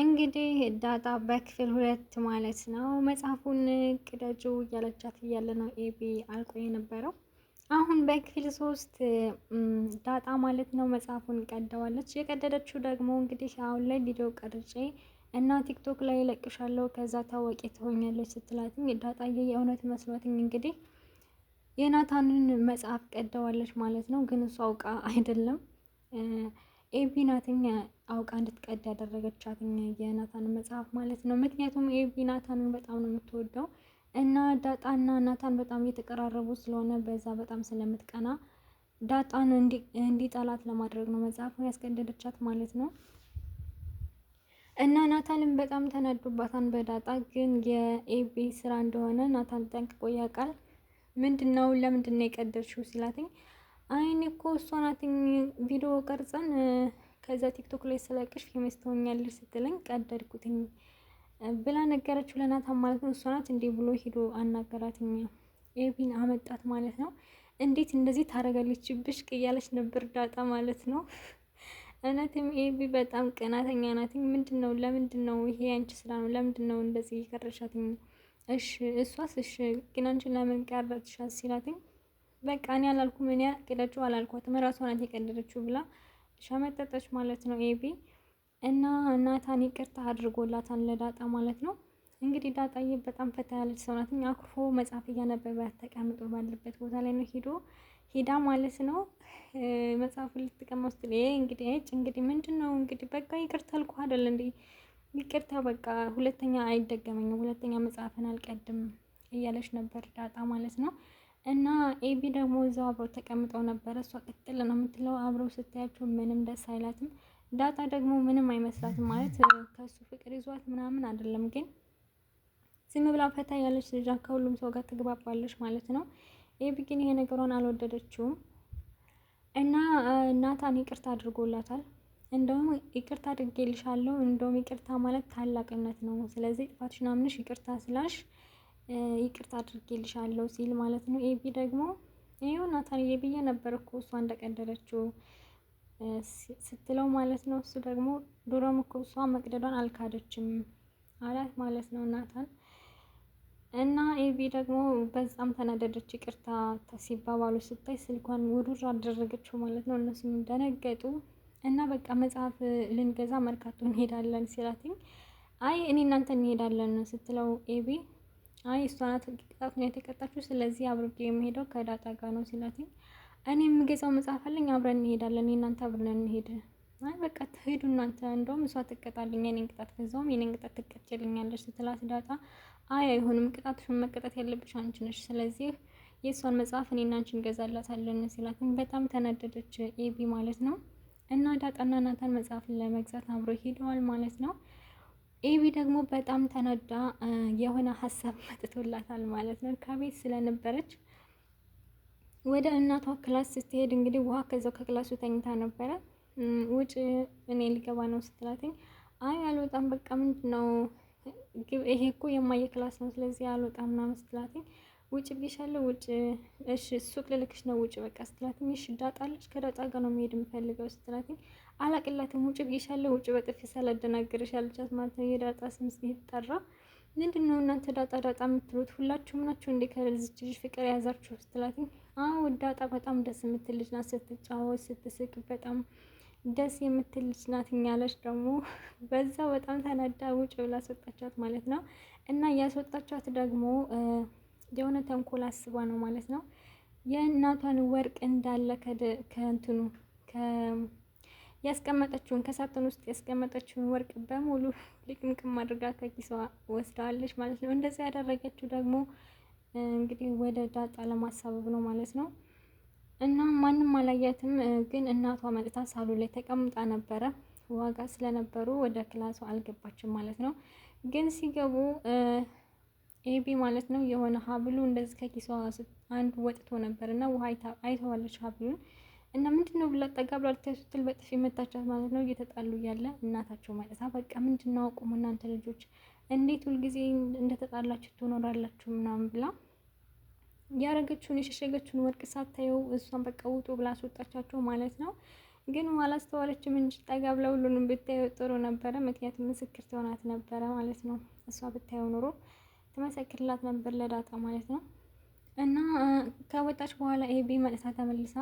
እንግዲህ ዳጣ በክፍል ሁለት ማለት ነው መጽሐፉን ቅደጩ እያለቻት እያለ ነው ኤቢ አልቆ የነበረው። አሁን በክፍል ሶስት ዳጣ ማለት ነው መጽሐፉን ቀደዋለች። የቀደደችው ደግሞ እንግዲህ አሁን ላይ ቪዲዮ ቀርጬ እና ቲክቶክ ላይ ለቅሻለው ከዛ ታዋቂ ትሆኛለች ስትላትም ዳጣዬ የእውነት መስሏትኝ እንግዲህ የናታንን መጽሐፍ ቀደዋለች ማለት ነው። ግን እሱ አውቃ አይደለም ኤቢ ናትኛ አውቃ እንድትቀድ ያደረገቻት የናታን መጽሐፍ ማለት ነው። ምክንያቱም ኤቢ ናታንን በጣም ነው የምትወደው እና ዳጣና ናታን በጣም እየተቀራረቡ ስለሆነ በዛ በጣም ስለምትቀና ዳጣን እንዲጠላት ለማድረግ ነው መጽሐፉን ያስገደደቻት ማለት ነው። እና ናታንም በጣም ተናዱባታን በዳጣ ግን የኤቢ ስራ እንደሆነ ናታን ጠንቅቆ ያውቃል። ምንድነው ለምንድነው የቀደድሽው ሲላትኝ አይኔ እኮ እሷ ናት ቪዲዮ ቀርጸን ከዛ ቲክቶክ ላይ ስለቅሽ ፌመስ ትሆኛለሽ ስትለኝ ቀደድኩትኝ ብላ ነገረችው ለናታን ማለት ነው። እሷ ናት እንዴ ብሎ ሂዶ አናገራትኝ። ኤቢን አመጣት ማለት ነው። እንዴት እንደዚህ ታደርጋለች ብሽቅ እያለች ነበር ዳጣ ማለት ነው። እውነትም ኤቢ በጣም ቅናተኛ ናትኝ። ምንድን ነው ለምንድን ነው ይሄ አንቺ ስራ ነው ለምንድን ነው እንደዚህ የቀረሻትኝ? እሺ እሷስ እሺ ግን አንቺ ለምን ቀረጥሻት ሲላትኝ በቃ እኔ አላልኩም እኔ አቅዳችሁ አላልኳትም ራሷ ናት የቀደደችው ብላ ሸመጠጠች ማለት ነው ኤቢ እና ናታን ይቅርታ አድርጎላታን ለዳጣ ማለት ነው። እንግዲህ ዳጣዬ በጣም ፈታ ያለች ሰው ናት። አኩርፎ መጽሐፍ እያነበበ ተቀምጦ ባለበት ቦታ ላይ ነው ሄዶ ሄዳ ማለት ነው ልትቀማ ውስጥ ስትል እንግዲህ እጭ እንግዲህ ምንድን ነው እንግዲህ በቃ ይቅርታ አልኩ አይደል እንዴ ይቅርታ በቃ ሁለተኛ አይደገመኝም፣ ሁለተኛ መጽሐፍን አልቀድም እያለች ነበር ዳጣ ማለት ነው። እና ኤቢ ደግሞ እዛው አብረው ተቀምጠው ነበረ። እሷ ቅጥል ነው የምትለው። አብረው ስታያቸው ምንም ደስ አይላትም። ዳጣ ደግሞ ምንም አይመስላትም ማለት ከሱ ፍቅር ይዟት ምናምን አይደለም፣ ግን ዝም ብላ ፈታ ያለች ልጃ ከሁሉም ሰው ጋር ትግባባለች ማለት ነው። ኤቢ ግን ይሄ ነገሯን አልወደደችውም እና ናታን ይቅርታ አድርጎላታል። እንደውም ይቅርታ አድርጌልሻለሁ፣ እንደውም ይቅርታ ማለት ታላቅነት ነው። ስለዚህ ጥፋትሽን አምነሽ ይቅርታ ስላሽ ይቅርታ አድርጌልሻለሁ ሲል ማለት ነው። ኤቢ ደግሞ ይኸው ናታንዬ ብዬ ነበር እኮ እሷ እንደቀደደችው ስትለው ማለት ነው። እሱ ደግሞ ድሮም እኮ እሷ መቅደዷን አልካደችም አላት ማለት ነው ናታን እና ኤቢ ደግሞ በዛም ተናደደች። ይቅርታ ሲባባሉ ስታይ ስልኳን ውዱር አደረገችው ማለት ነው። እነሱም ደነገጡ እና በቃ መጽሐፍ ልንገዛ መርካቶ እንሄዳለን ሲላትኝ አይ እኔ እናንተ እንሄዳለን ስትለው ኤቢ አይ እሷ ናት ቅጣት ነው የተቀጣችው፣ ስለዚህ አብሮጌ የሚሄደው ከዳጣ ጋር ነው ሲላት፣ እኔ የምገዛው መጽሐፍ አለኝ አብረን እንሄዳለን፣ እናንተ አብረን እንሄድ። አይ በቃ ትሄዱ እናንተ፣ እንደውም እሷ ትቀጣልኝ፣ የኔን ቅጣት ከዛውም የኔን ቅጣት ትቀጭልኛለች ስትላት፣ ዳጣ አይ አይሆንም፣ ቅጣትሽን መቀጣት ያለብሽ አንቺ ነሽ፣ ስለዚህ የእሷን መጽሐፍ እኔና አንቺ እንገዛላታለን ሲላትም በጣም ተነደደች ኤቢ ማለት ነው። እና ዳጣና ናታን መጽሐፍ ለመግዛት አብሮ ሄደዋል ማለት ነው። ኤቢ ደግሞ በጣም ተናዳ የሆነ ሀሳብ መጥቶላታል ማለት ነው። ከቤት ስለነበረች ወደ እናቷ ክላስ ስትሄድ እንግዲህ ውሃ ከዛው ከክላሱ ተኝታ ነበረ። ውጭ እኔ ሊገባ ነው ስትላትኝ አይ አልወጣም፣ በቃ ምንድን ነው ይሄ እኮ የማየ ክላስ ነው፣ ስለዚህ አልወጣም ምናምን ስትላትኝ ውጭ ብዬሻለሁ ውጭ እሺ ሱቅ ልልክሽ ነው ውጭ በቃ ስትላትኝ እሺ ዳጣ ከዳጣ ጋር ነው መሄድ የምፈልገው ስትላትኝ አላቅላትም ውጭ ብዬሻለሁ ውጭ በጥፊ ሳላደናግርሽ አለቻት ማለት ነው የዳጣ ስም ሲጠራ ምንድን ነው እናንተ ዳጣ ዳጣ የምትሉት ሁላችሁም ናችሁ እንዴ ከልዝች ልጅ ፍቅር የያዛችሁ ስትላትኝ አዎ ዳጣ በጣም ደስ የምትል ልጅ ናት ስትጫወት ስትስቅ በጣም ደስ የምትል ልጅ ናት እኛለች ደግሞ በዛ በጣም ተነዳ ውጭ ብላ አስወጣቻት ማለት ነው እና እያስወጣቻት ደግሞ የሆነ ተንኮል አስባ ነው ማለት ነው። የእናቷን ወርቅ እንዳለ ከእንትኑ ያስቀመጠችውን ከሳጥን ውስጥ ያስቀመጠችውን ወርቅ በሙሉ ልቅምቅም አድርጋ ከኪሷ ወስዳለች ማለት ነው። እንደዚህ ያደረገችው ደግሞ እንግዲህ ወደ ዳጣ ለማሳበብ ነው ማለት ነው። እና ማንም አላያትም፣ ግን እናቷ መጥታ ሳሉ ላይ ተቀምጣ ነበረ። ዋጋ ስለነበሩ ወደ ክላሷ አልገባችም ማለት ነው። ግን ሲገቡ ኤቢ ማለት ነው የሆነ ሀብሉ እንደዚህ ከኪሷ አንዱ ወጥቶ ነበር እና ውሃ አይተዋለች ሀብሉን እና ምንድን ነው ብላ ጠጋ ብላ ልታይ ስትል በጥፊ መታቻት ማለት ነው። እየተጣሉ ያለ እናታቸው ማለት በቃ ምንድን ነው አቁሙ እናንተ ልጆች እንዴት ሁልጊዜ እንደተጣላችሁ ትኖራላችሁ ምናምን ብላ ያረገችውን የሸሸገችውን ወርቅ ሳታየው እሷን በቃ ውጡ ብላ አስወጣቻቸው ማለት ነው። ግን አላስተዋለችም እንጂ ጠጋ ብላ ሁሉንም ብታየው ጥሩ ነበረ። ምክንያቱም ምስክር ትሆናት ነበረ ማለት ነው እሷ ብታየው ኑሮ ትመሰክርላት ነበር ለዳጣ ማለት ነው። እና ከወጣች በኋላ ኤቢ መጥታ ተመልሳ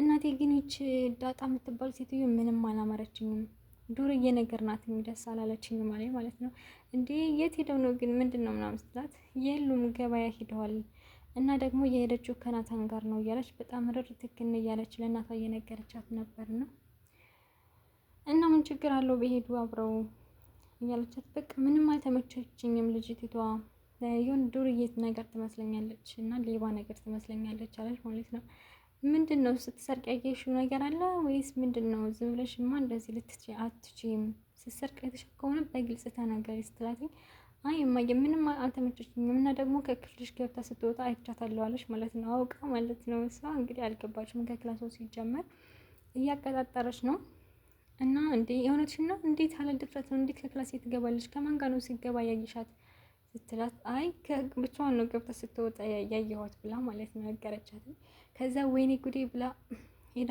እናቴ ግን ይች ዳጣ የምትባል ሴትዮ ምንም አላማረችኝም፣ ዱርዬ ነገር ናት፣ ደስ አላለችኝም አለ ማለት ነው። እንዴ የት ሄደው ነው ግን ምንድን ነው ምናምን ስትላት የሉም ገበያ ሂደዋል እና ደግሞ የሄደችው ከናታን ጋር ነው እያለች በጣም ርር ትክን እያለች ለእናቷ እየነገረቻት ነበር ነው እና ምን ችግር አለው በሄዱ አብረው እያለቻት በቃ ምንም አልተመቸችኝም ልጅቷ የሆነ ዱርዬት ነገር ትመስለኛለች እና ሌባ ነገር ትመስለኛለች አለች ማለት ነው። ምንድን ነው ስትሰርቅ ያየሽው ነገር አለ ወይስ ምንድን ነው? ዝም ብለሽማ እንደዚህ ልትች አትችም። ስትሰርቅ አይተሽ ከሆነ በግልጽ ተናገሪ ስትላት፣ አይ እማዬ ምንም አልተመቸችኝም እና ደግሞ ከክፍልሽ ገብታ ስትወጣ አይቻታለሁ አለች ማለት ነው። አውቃ ማለት ነው። እሷ እንግዲህ አልገባችም። ከክላስ ሲጀመር እያቀጣጠረች ነው እና እንዴ የሆነች እና እንዴት አለ ድፍረት ነው እንዴት ከክላስ ትገባለች? ከማን ጋር ነው ሲገባ ያየሻት? ስትላት አይ ብቻዋን ነው ገብታ ስትወጣ ያየኋት ብላ ማለት ነው ነገረቻት። ከዛ ወይኔ ጉዴ ብላ ሄዳ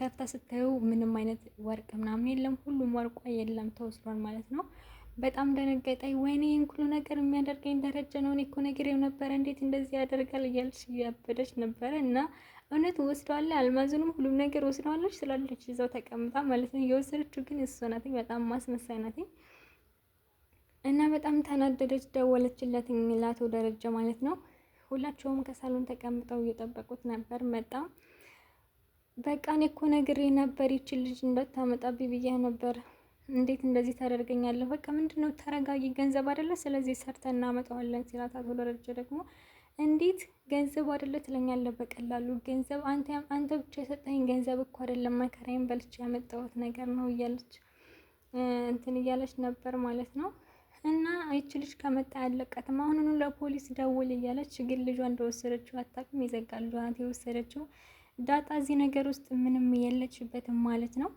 ከፍታ ስታየው ምንም አይነት ወርቅ ምናምን የለም፣ ሁሉም ወርቋ የለም ተወስዷል ማለት ነው። በጣም ደነገጠኝ። ወይኔ ይህን ሁሉ ነገር የሚያደርገኝ ደረጀ ነው፣ እኔ እኮ ነግሬው ነበረ፣ እንዴት እንደዚህ ያደርጋል እያለች እያበደች ነበረ። እና እውነት ወስዷል፣ አልማዙንም ሁሉም ነገር ወስደዋለች ስላለች ይዛው ተቀምጣ ማለት ነው። የወሰደችው ግን እሷ ናትኝ፣ በጣም ማስመሳይ ናትኝ። እና በጣም ተናደደች። ደወለችለት ለአቶ ደረጀ ማለት ነው። ሁላቸውም ከሳሎን ተቀምጠው እየጠበቁት ነበር። መጣ። በቃ እኔ እኮ ነግሬ ነበር ይችን ልጅ እንዳታመጣብኝ ብዬ ነበር። እንዴት እንደዚህ ታደርገኛለሁ? በቃ ምንድነው? ተረጋጊ፣ ገንዘብ አይደለ? ስለዚህ ሰርተን እናመጣዋለን ሲላት፣ አቶ ደረጀ ደግሞ እንዴት ገንዘብ አይደለ ትለኛለህ? በቀላሉ ገንዘብ አንተ ብቻ የሰጠኝ ገንዘብ እኮ አይደለም፣ መከራዬን በልቼ ያመጣሁት ነገር ነው እያለች እንትን እያለች ነበር ማለት ነው። እና ይች ልጅ ከመጣ ያለቀትም አሁኑኑ ለፖሊስ ደውል እያለች ግን ልጇ እንደወሰደችው አታውቅም። የዘጋ ልጇ የወሰደችው። ዳጣ እዚህ ነገር ውስጥ ምንም የለችበትም ማለት ነው።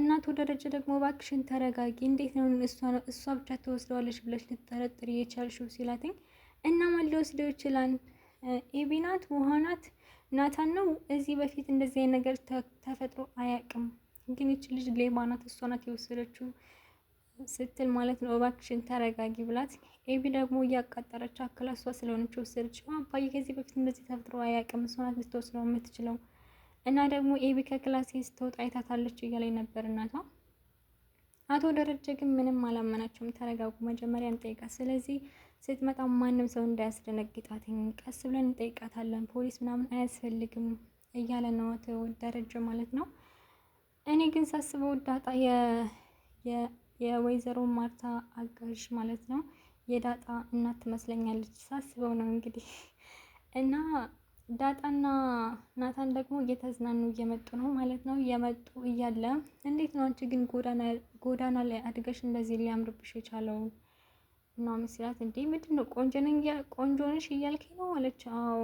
እናቱ ደረጀ ደግሞ እባክሽን ተረጋጊ፣ እንዴት ነው እሷ ብቻ ተወስደዋለች ብለሽ ልትጠረጥር የቻልሽው ሲላትኝ እና ማን ሊወስደው ይችላል? ኤቢናት ውሃናት ናታን ነው። እዚህ በፊት እንደዚህ አይነት ነገር ተፈጥሮ አያውቅም። ግን ይች ልጅ ሌባ ናት፣ እሷ ናት የወሰደችው ስትል ማለት ነው። እባክሽን ተረጋጊ ብላት፣ ኤቢ ደግሞ እያቃጠረች አክላ ስለሆነች ወሰደች። አባዬ ከዚህ በፊት እንደዚህ ተፈጥሮ አያውቅም፣ እሷ ናት ልትወስደው የምትችለው እና ደግሞ ኤቢ ከክላሴ ስትወጣ አይታታለች እያለኝ ነበር እናቷ። አቶ ደረጀ ግን ምንም አላመናቸውም። ተረጋጉ መጀመሪያ እንጠይቃት፣ ስለዚህ ስትመጣ ማንም ሰው እንዳያስደነግጣት ቀስ ብለን እንጠይቃታለን፣ ፖሊስ ምናምን አያስፈልግም እያለ ነው አቶ ደረጀ ማለት ነው። እኔ ግን ሳስበው ዳጣ የወይዘሮ ማርታ አጋዥ ማለት ነው። የዳጣ እናት ትመስለኛለች ሳስበው ነው እንግዲህ እና ዳጣና ናታን ደግሞ እየተዝናኑ እየመጡ ነው ማለት ነው። እየመጡ እያለ እንዴት ነው አንቺ ግን ጎዳና ላይ አድገሽ እንደዚህ ሊያምርብሽ የቻለው ምናምን ሲላት፣ እንዴ ምንድን ነው ቆንጆ ነሽ እያልከኝ ነው አለች። አዎ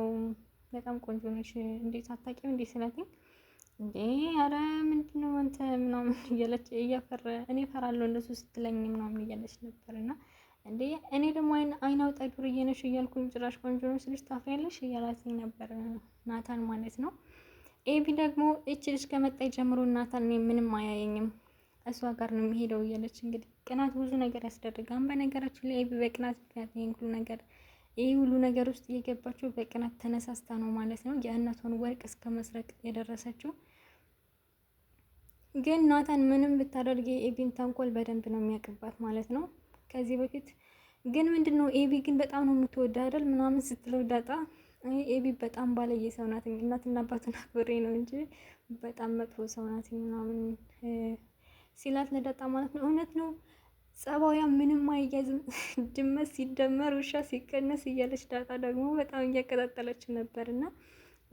በጣም ቆንጆ ነሽ፣ እንዴት አታውቂም እንዴት ስላትኝ እንዴ አረ ነው አንተ ምናምን እያለች እያፈረ እኔ ፈራለሁ እንደሱ ስትለኝ ምናምን እያለች ነበር እና እንዴ እኔ ደግሞ አይን አውጣ ዱርዬ ነሽ እያልኩኝ ጭራሽ ቆንጆ ነው ስልሽ ታፍሪያለሽ እያላትኝ ነበር ናታን ማለት ነው። ኤቢ ደግሞ እች ልጅ ከመጣች ጀምሮ ናታን እኔ ምንም አያየኝም እሷ ጋር ነው የሚሄደው እያለች እንግዲህ ቅናት ብዙ ነገር ያስደርጋም። በነገራችን ላይ ኤቢ በቅናት ምክንያት ይሄን ሁሉ ነገር ይህ ሁሉ ነገር ውስጥ የገባችው በቅናት ተነሳስታ ነው ማለት ነው። የእናቷን ወርቅ እስከ መስረቅ የደረሰችው ግን ናታን ምንም ብታደርግ የኤቢን ተንኮል በደንብ ነው የሚያውቅባት ማለት ነው። ከዚህ በፊት ግን ምንድን ነው ኤቢ ግን በጣም ነው የምትወዳ አይደል ምናምን ስትለው ዳጣ ኤቢ በጣም ባለየ ሰው ናት፣ እናትና አባቱን አክብሬ ነው እንጂ በጣም መጥፎ ሰው ናት ምናምን ሲላት ለዳጣ ማለት ነው። እውነት ነው ጸባያ ምንም አይያዝም፣ ድመት ሲደመር ውሻ ሲቀነስ እያለች ዳጣ ደግሞ በጣም እያቀጣጠለች ነበር። እና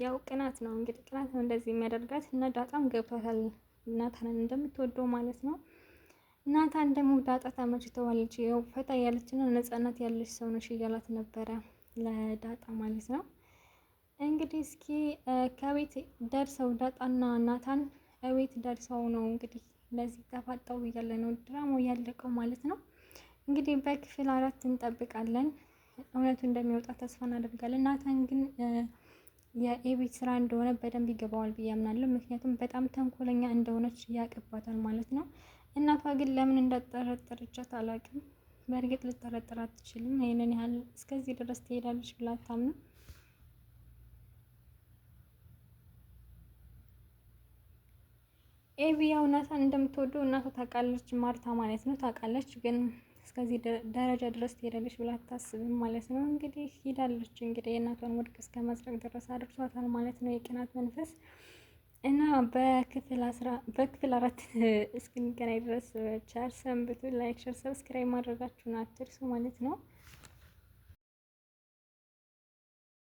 ያው ቅናት ነው እንግዲህ ቅናት ነው እንደዚህ የሚያደርጋት እና ዳጣም ገብቷታል። ናታንን እንደምትወደው ማለት ነው። ናታን ደግሞ ዳጣ ተመችተዋለች፣ ያው ፈታ ያለች እና ነጻነት ያለች ሰው ነች እያላት ነበረ ለዳጣ ማለት ነው። እንግዲህ እስኪ ከቤት ደርሰው ዳጣና ናታን እቤት ደርሰው ነው እንግዲህ ለዚህ ተፋጠው እያለ ነው ድራማው ያለቀው ማለት ነው። እንግዲህ በክፍል አራት እንጠብቃለን። እውነቱ እንደሚወጣ ተስፋ እናደርጋለን። ናታን ግን የኤቤት ስራ እንደሆነ በደንብ ይገባዋል ብዬ አምናለሁ። ምክንያቱም በጣም ተንኮለኛ እንደሆነች ያቅባታል ማለት ነው። እናቷ ግን ለምን እንዳጠረጠረቻት አላውቅም። በእርግጥ ልጠረጠር አትችልም። ይህንን ያህል እስከዚህ ድረስ ትሄዳለች ብላ አታምንም። ኤቢ ያው ናታን እንደምትወደው እናቷ ታውቃለች፣ ማርታ ማለት ነው ታውቃለች ግን እስከዚህ ደረጃ ድረስ ትሄዳለች ብላ አታስብም ማለት ነው። እንግዲህ ሂዳለች እንግዲህ የእናቷን ውድቅ እስከ መዝረቅ ድረስ አድርሷታል ማለት ነው የቅናት መንፈስ እና በክፍል አራት እስክንገናኝ ድረስ ቻርሰን ብቱ ላይክ፣ ሸር፣ ሰብስክራይብ ማድረጋችሁን አትርሱ ማለት ነው።